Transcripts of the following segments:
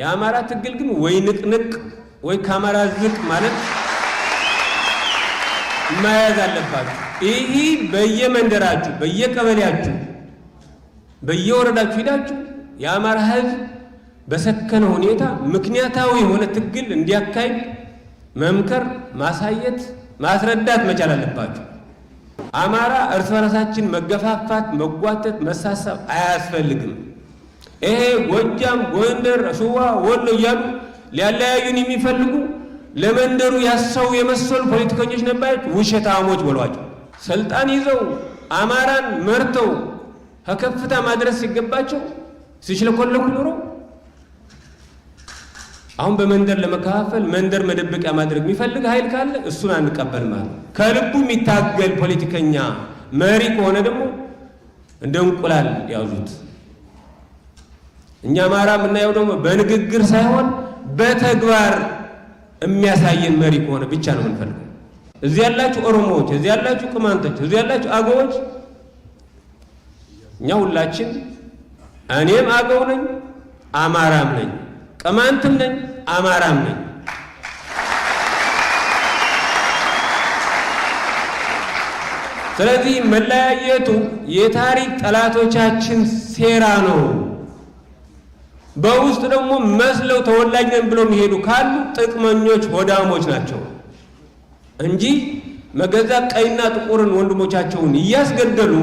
የአማራ ትግል ግን ወይ ንቅንቅ ወይ ከአማራ ዝቅ ማለት መያዝ አለባችሁ። ይህ በየመንደራችሁ፣ በየቀበሌያችሁ፣ በየወረዳችሁ ሂዳችሁ የአማራ ህዝብ በሰከነ ሁኔታ ምክንያታዊ የሆነ ትግል እንዲያካሂድ መምከር፣ ማሳየት፣ ማስረዳት መቻል አለባችሁ። አማራ እርስ በራሳችን መገፋፋት፣ መጓተት፣ መሳሰብ አያስፈልግም። ይሄ ጎጃም፣ ጎንደር፣ ሸዋ፣ ወሎ እያሉ ሊያለያዩን የሚፈልጉ ለመንደሩ ያሰው የመሰሉ ፖለቲከኞች ነባዮች ውሸታሞች በሏቸው። ስልጣን ይዘው አማራን መርተው ከከፍታ ማድረስ ሲገባቸው ሲችለኮለኩ ኑሮ አሁን በመንደር ለመከፋፈል መንደር መደበቂያ ማድረግ የሚፈልግ ኃይል ካለ እሱን አንቀበል ማለት ከልቡ የሚታገል ፖለቲከኛ መሪ ከሆነ ደግሞ እንደ እንቁላል ያዙት። እኛ አማራ የምናየው ደግሞ በንግግር ሳይሆን በተግባር የሚያሳየን መሪ ከሆነ ብቻ ነው የምንፈልገው። እዚህ ያላችሁ ኦሮሞዎች፣ እዚህ ያላችሁ ቅማንቶች፣ እዚህ ያላችሁ አገዎች፣ እኛ ሁላችን እኔም አገው ነኝ፣ አማራም ነኝ፣ ቅማንትም ነኝ፣ አማራም ነኝ። ስለዚህ መለያየቱ የታሪክ ጠላቶቻችን ሴራ ነው። በውስጥ ደግሞ መስለው ተወላጅ ነን ብለው የሚሄዱ ካሉ ጥቅመኞች ሆዳሞች ናቸው እንጂ መገዛ ቀይና ጥቁርን ወንድሞቻቸውን እያስገደሉ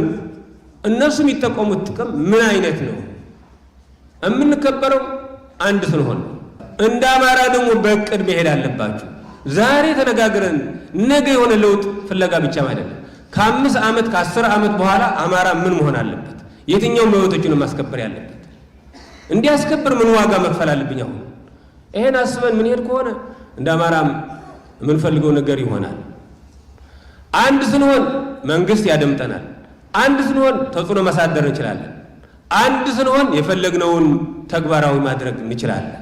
እነሱ የሚጠቀሙት ጥቅም ምን አይነት ነው? የምንከበረው አንድ ስንሆን፣ እንደ አማራ ደግሞ በእቅድ መሄድ አለባችሁ። ዛሬ ተነጋግረን ነገ የሆነ ለውጥ ፍለጋ ብቻም አይደለም። ከአምስት ዓመት ከአስር ዓመት በኋላ አማራ ምን መሆን አለበት? የትኛው መብቶቹን ማስከበር ያለበት እንዲያስከብር ምን ዋጋ መክፈል አለብኝ? አሁን ይሄን አስበን ምን ሄድ ከሆነ እንደ አማራም የምንፈልገው ነገር ይሆናል። አንድ ስንሆን መንግስት ያደምጠናል። አንድ ስንሆን ተጽዕኖ ማሳደር እንችላለን። አንድ ስንሆን የፈለግነውን ተግባራዊ ማድረግ እንችላለን።